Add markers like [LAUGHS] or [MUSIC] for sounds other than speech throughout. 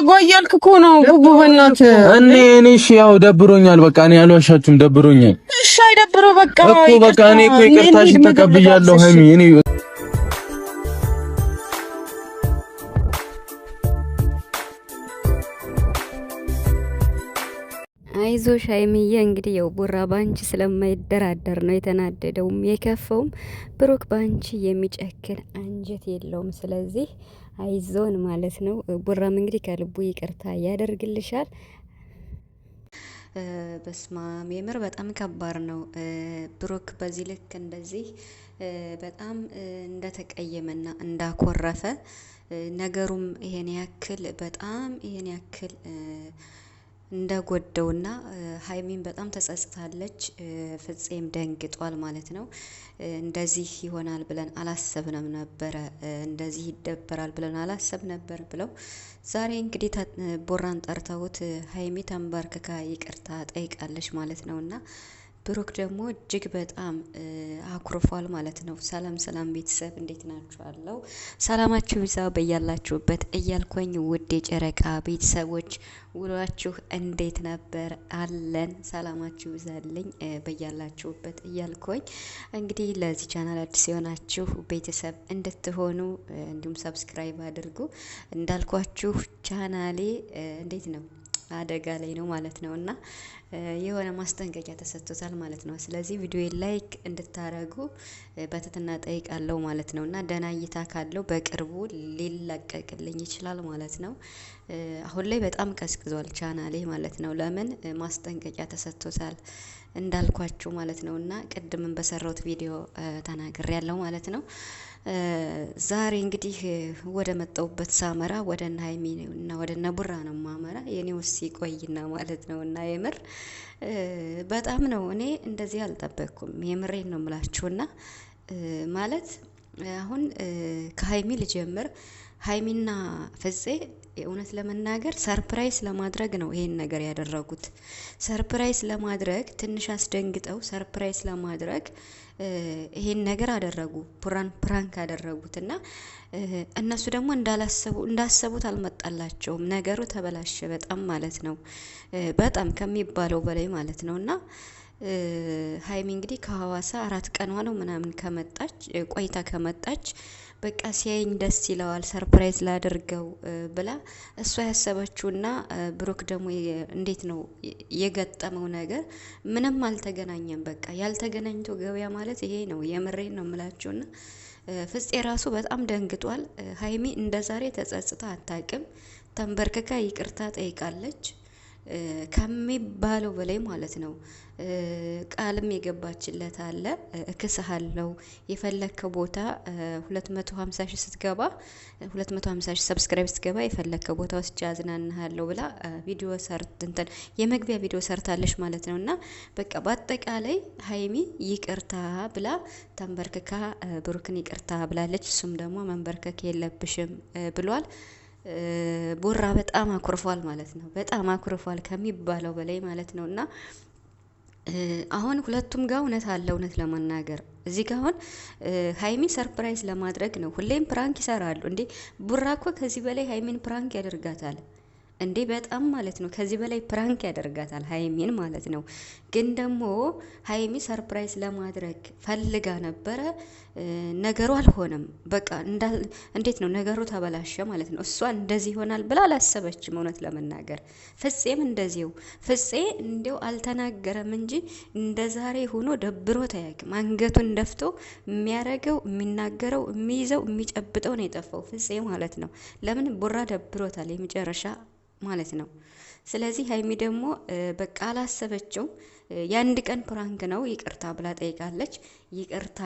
እየጎየልክ እኮ ነው ቡቡ። በእናትህ እኔ እኔ እሺ፣ ያው ደብሮኛል። በቃ እኔ አልዋሻችሁም፣ ደብሮኛል። እሺ፣ አይደብርህ በቃ እኮ በቃ እኔ እኮ ይቅርታሽን ተቀብያለሁ ሀይሚ እኔ አይዞሽ ሀይሚዬ እንግዲህ ያው ቡራ ባንቺ ስለማይደራደር ነው የተናደደውም የከፈውም። ብሩክ ባንቺ የሚጨክን አንጀት የለውም። ስለዚህ አይዞን ማለት ነው። ቡራም እንግዲህ ከልቡ ይቅርታ ያደርግልሻል። በስማ የምር በጣም ከባድ ነው። ብሩክ በዚህ ልክ እንደዚህ በጣም እንደተቀየመና እንዳኮረፈ ነገሩም ይሄን ያክል በጣም ይሄን ያክል እንደጎደውና ሀይሚን በጣም ተጸጽታለች። ፍፄም ደንግጧል ማለት ነው። እንደዚህ ይሆናል ብለን አላሰብንም ነበረ፣ እንደዚህ ይደበራል ብለን አላሰብ ነበር ብለው ዛሬ እንግዲህ ቦራን ጠርተውት ሀይሚ ተንበርክካ ይቅርታ ጠይቃለች ማለት ነውና ብሩክ ደግሞ እጅግ በጣም አኩርፏል ማለት ነው። ሰላም ሰላም ቤተሰብ እንዴት ናችኋለሁ? ሰላማችሁ ይዛ በያላችሁበት እያልኩኝ ውድ የጨረቃ ቤተሰቦች ውሏችሁ እንዴት ነበር? አለን ሰላማችሁ ይዛልኝ በያላችሁበት እያልኩኝ እንግዲህ ለዚህ ቻናል አዲስ የሆናችሁ ቤተሰብ እንድትሆኑ እንዲሁም ሰብስክራይብ አድርጉ። እንዳልኳችሁ ቻናሌ እንዴት ነው አደጋ ላይ ነው ማለት ነው እና የሆነ ማስጠንቀቂያ ተሰጥቶታል ማለት ነው። ስለዚህ ቪዲዮ ላይክ እንድታረጉ በትትና ጠይቃለሁ ማለት ነው እና ደህና እይታ ካለው በቅርቡ ሊለቀቅልኝ ይችላል ማለት ነው። አሁን ላይ በጣም ቀዝቅዟል ቻናሌ ማለት ነው። ለምን ማስጠንቀቂያ ተሰጥቶታል እንዳልኳችሁ ማለት ነው እና ቅድምን በሰራሁት ቪዲዮ ተናግሬ ያለው ማለት ነው። ዛሬ እንግዲህ ወደ መጣውበት ሳመራ ወደ እነ ሀይሚ እና ወደ እነ ቡራ ነው ማመራ የኔ ውስ ይቆይና ማለት ነው። እና የምር በጣም ነው እኔ እንደዚህ አልጠበቅኩም። የምሬን ነው ምላችሁና ማለት አሁን ከሀይሚ ልጀምር። ሀይሚና ፍጼ እውነት ለመናገር ሰርፕራይዝ ለማድረግ ነው ይሄን ነገር ያደረጉት። ሰርፕራይዝ ለማድረግ ትንሽ አስደንግጠው ሰርፕራይዝ ለማድረግ ይሄን ነገር አደረጉ። ፕራን ፕራንክ አደረጉት እና እነሱ ደግሞ እንዳላሰቡ እንዳሰቡት አልመጣላቸውም። ነገሩ ተበላሸ በጣም ማለት ነው፣ በጣም ከሚባለው በላይ ማለት ነው እና ሀይሚ እንግዲህ ከሀዋሳ አራት ቀኗ ነው ምናምን ከመጣች ቆይታ ከመጣች በቃ ሲያይኝ ደስ ይለዋል ሰርፕራይዝ ላደርገው ብላ እሷ ያሰበችውና ብሩክ ደግሞ እንዴት ነው የገጠመው ነገር ምንም አልተገናኘም። በቃ ያልተገናኝቶ ገበያ ማለት ይሄ ነው። የምሬን ነው ምላችሁና ፍፄ ራሱ በጣም ደንግጧል። ሀይሚ እንደ ዛሬ ተጸጽታ አታቅም ተንበርክካ ይቅርታ ጠይቃለች። ከሚባለው በላይ ማለት ነው። ቃልም የገባችለት አለ እክስሃለው የፈለከ ቦታ ሁለት ሺህ ስትገባ ሁለት ሺህ ሰብስክራይብ ስትገባ የፈለከ ቦታ ወስጄ አዝናናሃለው ብላ ቪዲዮ ሰርት እንትን የመግቢያ ቪዲዮ ሰርታለች ማለት ነው። እና በቃ በአጠቃላይ ሀይሚ ይቅርታ ብላ ተንበርክካ ብሩክን ይቅርታ ብላለች። እሱም ደግሞ መንበርከክ የለብሽም ብሏል። ቦራ በጣም አኩርፏል ማለት ነው። በጣም አኩርፏል ከሚባለው በላይ ማለት ነው። እና አሁን ሁለቱም ጋር እውነት አለ። እውነት ለመናገር እዚህ ጋ አሁን ሀይሚን ሰርፕራይዝ ለማድረግ ነው። ሁሌም ፕራንክ ይሰራሉ እንዴ ቡራ እኮ ከዚህ በላይ ሀይሚን ፕራንክ ያደርጋታል። እንዴ በጣም ማለት ነው። ከዚህ በላይ ፕራንክ ያደርጋታል ሀይሚን ማለት ነው። ግን ደግሞ ሀይሚ ሰርፕራይዝ ለማድረግ ፈልጋ ነበረ፣ ነገሩ አልሆነም። በቃ እንዴት ነው ነገሩ ተበላሸ ማለት ነው። እሷ እንደዚህ ይሆናል ብላ አላሰበችም። እውነት ለመናገር ፍጼም እንደዚው ፍጼ እንዲው አልተናገረም እንጂ እንደ ዛሬ ሆኖ ደብሮ አያውቅም። አንገቱን ደፍቶ የሚያረገው የሚናገረው የሚይዘው የሚጨብጠው ነው የጠፋው ፍጼ ማለት ነው። ለምን ቡራ ደብሮታል የመጨረሻ ማለት ነው። ስለዚህ ሀይሚ ደግሞ በቃ አላሰበችው። የአንድ ቀን ፕራንክ ነው ይቅርታ ብላ ጠይቃለች። ይቅርታ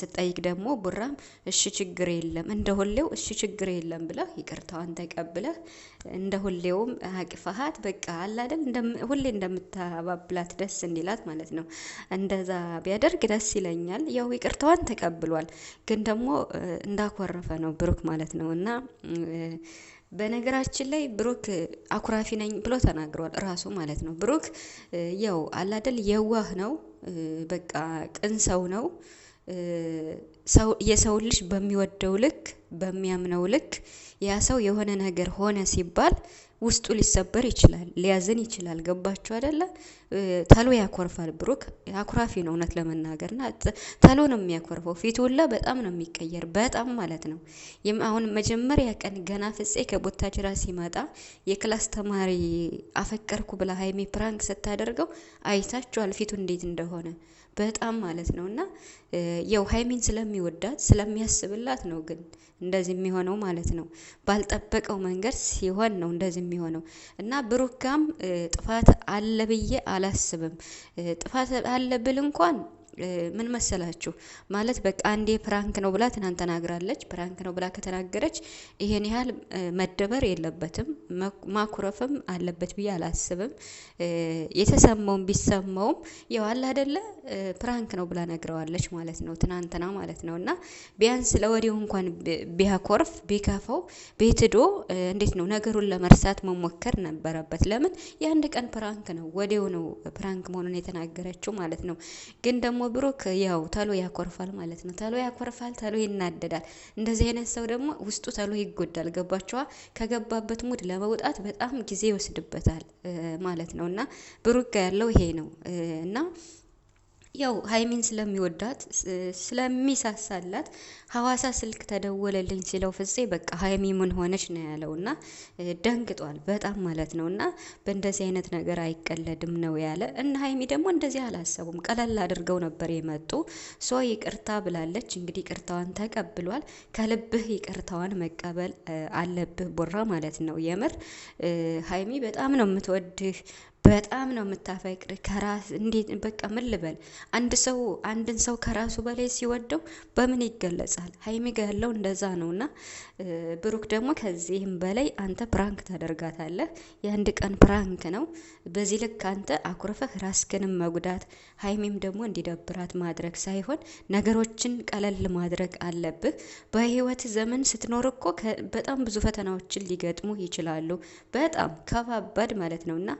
ስጠይቅ ደግሞ ቡራም እሺ ችግር የለም እንደሁሌው እሺ ችግር የለም ብለህ ይቅርታዋን ተቀብለህ እንደሁሌውም አቅፈሃት በቃ አላደል ሁሌ እንደምታባብላት ደስ እንዲላት ማለት ነው። እንደዛ ቢያደርግ ደስ ይለኛል። ያው ይቅርታዋን ተቀብሏል፣ ግን ደግሞ እንዳኮረፈ ነው ብሩክ ማለት ነው እና በነገራችን ላይ ብሩክ አኩራፊ ነኝ ብሎ ተናግሯል። ራሱ ማለት ነው። ብሩክ ያው አላደል የዋህ ነው፣ በቃ ቅን ሰው ነው። የሰው ልጅ በሚወደው ልክ በሚያምነው ልክ ያ ሰው የሆነ ነገር ሆነ ሲባል ውስጡ ሊሰበር ይችላል፣ ሊያዝን ይችላል። ገባችሁ አደለ? ተሎ ያኮርፋል። ብሩክ አኩራፊ ነው እውነት ና ተሎ ነው የሚያኮርፈው። ፊቱ ሁላ በጣም ነው የሚቀየር፣ በጣም ማለት ነው። አሁን መጀመሪያ ቀን ገና ፍጼ ከቦታጅራ ሲመጣ የክላስ ተማሪ አፈቀርኩ ብላ ሀይሜ ፕራንክ ስታደርገው አይታችኋል ፊቱ እንዴት እንደሆነ በጣም ማለት ነው። እና የው ሀይሚን ስለሚወዳት ስለሚያስብላት ነው ግን እንደዚህ የሚሆነው ማለት ነው። ባልጠበቀው መንገድ ሲሆን ነው እንደዚህ የሚሆነው እና ብሩክ ጋም ጥፋት አለ ብዬ አላስብም። ጥፋት አለ ብል እንኳን ምን መሰላችሁ ማለት በቃ አንዴ ፕራንክ ነው ብላ ትናንት ተናግራለች። ፕራንክ ነው ብላ ከተናገረች ይሄን ያህል መደበር የለበትም ማኩረፍም አለበት ብዬ አላስብም። የተሰማውም ቢሰማውም ያው አለ ፕራንክ ነው ብላ ነግረዋለች ማለት ነው ትናንትና ማለት ነው። እና ቢያንስ ለወዲሁ እንኳን ቢያኮርፍ ቢከፋው ቤትዶ እንዴት ነው ነገሩን ለመርሳት መሞከር ነበረበት። ለምን የአንድ ቀን ፕራንክ ነው፣ ወዲው ነው ፕራንክ መሆኑን የተናገረችው ማለት ነው። ግን ደግሞ ደግሞ ብሩክ ያው ተሎ ያኮርፋል ማለት ነው። ተሎ ያኮርፋል፣ ተሎ ይናደዳል። እንደዚህ አይነት ሰው ደግሞ ውስጡ ተሎ ይጎዳል። ገባቸዋ ከገባበት ሙድ ለመውጣት በጣም ጊዜ ይወስድበታል ማለት ነው እና ብሩክ ያለው ይሄ ነው እና ያው ሀይሚን ስለሚወዳት ስለሚሳሳላት ሀዋሳ ስልክ ተደወለልኝ ሲለው ፍጼ በቃ ሀይሚ ምን ሆነች ነው ያለው እና ደንግጧል በጣም ማለት ነው። እና በእንደዚህ አይነት ነገር አይቀለድም ነው ያለ እና ሀይሚ ደግሞ እንደዚህ አላሰቡም፣ ቀለል አድርገው ነበር የመጡ። ሶ ይቅርታ ብላለች እንግዲህ ይቅርታዋን ተቀብሏል። ከልብህ ይቅርታዋን መቀበል አለብህ ቦራ ማለት ነው። የምር ሀይሚ በጣም ነው የምትወድህ በጣም ነው የምታፈቅር ከራስ እንዴት በቃ ምን ልበል፣ አንድ ሰው አንድን ሰው ከራሱ በላይ ሲወደው በምን ይገለጻል? ሀይሚ ጋ ያለው እንደዛ ነው። እና ብሩክ ደግሞ ከዚህም በላይ አንተ ፕራንክ ታደርጋታለህ። የአንድ ቀን ፕራንክ ነው። በዚህ ልክ አንተ አኩርፈህ ራስክንም መጉዳት፣ ሀይሚም ደግሞ እንዲደብራት ማድረግ ሳይሆን ነገሮችን ቀለል ማድረግ አለብህ። በህይወት ዘመን ስትኖር እኮ በጣም ብዙ ፈተናዎችን ሊገጥሙ ይችላሉ። በጣም ከባባድ ማለት ነው እና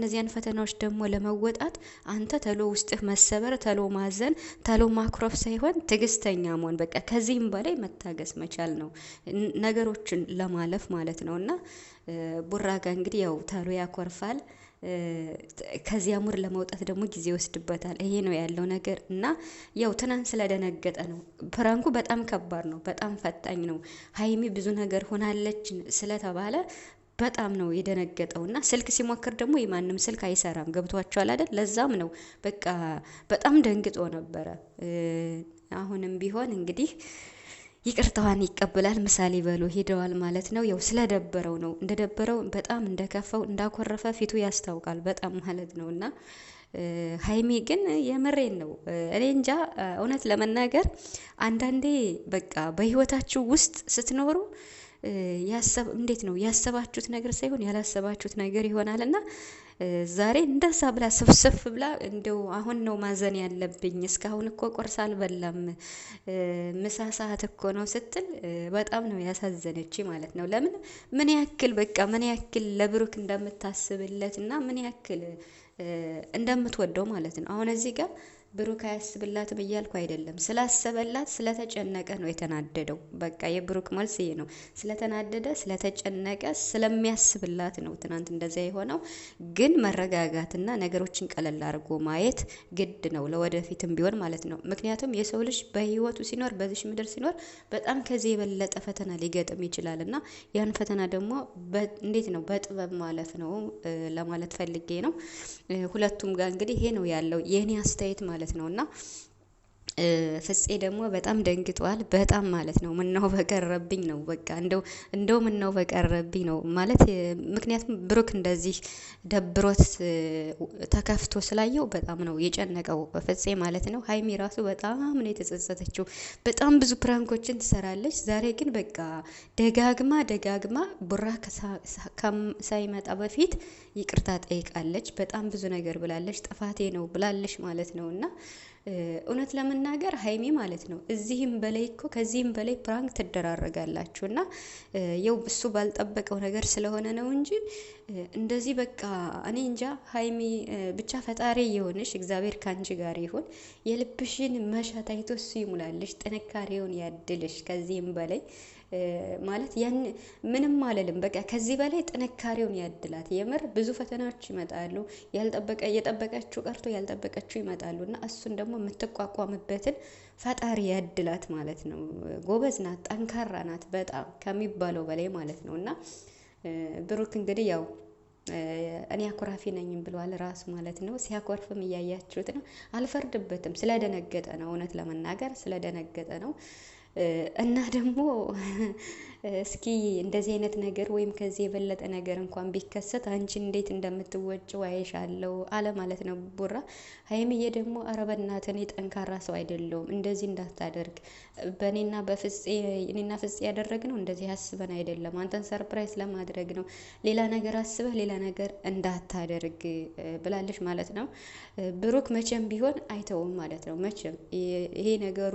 እነዚያን ፈተናዎች ደግሞ ለመወጣት አንተ ተሎ ውስጥህ መሰበር፣ ተሎ ማዘን፣ ተሎ ማኩረፍ ሳይሆን ትግስተኛ መሆን በቃ ከዚህም በላይ መታገስ መቻል ነው ነገሮችን ለማለፍ ማለት ነው። እና ቡራጋ እንግዲህ ያው ተሎ ያኮርፋል። ከዚያ ሙር ለመውጣት ደግሞ ጊዜ ይወስድበታል። ይሄ ነው ያለው ነገር እና ያው ትናንት ስለደነገጠ ነው። ፕራንኩ በጣም ከባድ ነው፣ በጣም ፈታኝ ነው። ሀይሚ ብዙ ነገር ሆናለች ስለተባለ በጣም ነው የደነገጠው። እና ስልክ ሲሞክር ደግሞ የማንም ስልክ አይሰራም። ገብቷቸዋል አይደል? ለዛም ነው በቃ በጣም ደንግጦ ነበረ። አሁንም ቢሆን እንግዲህ ይቅርታዋን ይቀበላል። ምሳሌ በሎ ሄደዋል ማለት ነው። ያው ስለደበረው ነው እንደደበረው በጣም እንደከፈው እንዳኮረፈ ፊቱ ያስታውቃል በጣም ማለት ነው እና ሀይሚ ግን የምሬን ነው። እኔ እንጃ እውነት ለመናገር አንዳንዴ በቃ በህይወታችሁ ውስጥ ስትኖሩ እንዴት ነው ያሰባችሁት ነገር ሳይሆን ያላሰባችሁት ነገር ይሆናል እና ዛሬ እንደዛ ብላ ሰብሰብ ብላ እንደው አሁን ነው ማዘን ያለብኝ እስካሁን እኮ ቁርስ አልበላም ምሳ ሰዓት እኮ ነው ስትል በጣም ነው ያሳዘነች ማለት ነው። ለምን ምን ያክል በቃ ምን ያክል ለብሩክ እንደምታስብለት እና ምን ያክል እንደምትወደው ማለት ነው። አሁን እዚህ ጋር ብሩክ አያስብላትም እያልኩ አይደለም። ስላሰበላት ስለተጨነቀ ነው የተናደደው። በቃ የብሩክ መልስ ይሄ ነው። ስለተናደደ ስለተጨነቀ ስለሚያስብላት ነው ትናንት እንደዚያ የሆነው። ግን መረጋጋትና ነገሮችን ቀለል አድርጎ ማየት ግድ ነው ለወደፊትም ቢሆን ማለት ነው። ምክንያቱም የሰው ልጅ በህይወቱ ሲኖር በዚሽ ምድር ሲኖር በጣም ከዚህ የበለጠ ፈተና ሊገጥም ይችላል እና ያን ፈተና ደግሞ እንዴት ነው በጥበብ ማለፍ ነው ለማለት ፈልጌ ነው። ሁለቱም ጋር እንግዲህ ይሄ ነው ያለው የእኔ አስተያየት ማለት ማለት ነው እና ፍፄ ደግሞ በጣም ደንግጧል። በጣም ማለት ነው ምነው በቀረብኝ ነው በቃ እንደው እንደው ምነው በቀረብኝ ነው ማለት ምክንያቱም ብሩክ እንደዚህ ደብሮት ተከፍቶ ስላየው በጣም ነው የጨነቀው ፍፄ ማለት ነው። ሀይሚ ራሱ በጣም ነው የተጸጸተችው። በጣም ብዙ ፕራንኮችን ትሰራለች። ዛሬ ግን በቃ ደጋግማ ደጋግማ ቡራ ሳይመጣ በፊት ይቅርታ ጠይቃለች። በጣም ብዙ ነገር ብላለች። ጥፋቴ ነው ብላለች ማለት ነው እና እውነት ለመናገር ሀይሚ ማለት ነው እዚህም በላይ እኮ ከዚህም በላይ ፕራንክ ትደራረጋላችሁ እና የው እሱ ባልጠበቀው ነገር ስለሆነ ነው እንጂ እንደዚህ በቃ እኔ እንጃ። ሀይሚ ብቻ ፈጣሪ የሆንሽ እግዚአብሔር ከአንቺ ጋር ይሁን። የልብሽን መሻት አይቶ እሱ ይሙላልሽ፣ ጥንካሬውን ያድልሽ። ከዚህም በላይ ማለት ያን ምንም አለልም። በቃ ከዚህ በላይ ጥንካሬውን ያድላት። የምር ብዙ ፈተናዎች ይመጣሉ። ያልጠበቀ የጠበቀችው ቀርቶ ያልጠበቀችው ይመጣሉ እና እሱን ደግሞ የምትቋቋምበትን ፈጣሪ ያድላት ማለት ነው። ጎበዝ ናት፣ ጠንካራ ናት፣ በጣም ከሚባለው በላይ ማለት ነው። እና ብሩክ እንግዲህ ያው እኔ አኩራፊ ነኝም ብለዋል ራሱ ማለት ነው። ሲያኮርፍም እያያችሁት ነው። አልፈርድበትም፣ ስለደነገጠ ነው። እውነት ለመናገር ስለደነገጠ ነው። እና ደግሞ [LAUGHS] እስኪ እንደዚህ አይነት ነገር ወይም ከዚህ የበለጠ ነገር እንኳን ቢከሰት አንቺ እንዴት እንደምትወጭ አይሻለው አለ ማለት ነው ቡራ። ሀይሚዬ ደግሞ ኧረ በእናትህ እኔ ጠንካራ ሰው አይደለሁም እንደዚህ እንዳታደርግ፣ በእኔና በእኔና ፍጽ ፍፄ ያደረግነው እንደዚህ አስበን አይደለም፣ አንተን ሰርፕራይዝ ለማድረግ ነው። ሌላ ነገር አስበህ ሌላ ነገር እንዳታደርግ ብላለች ማለት ነው። ብሩክ መቼም ቢሆን አይተውም ማለት ነው። መቼም ይሄ ነገሩ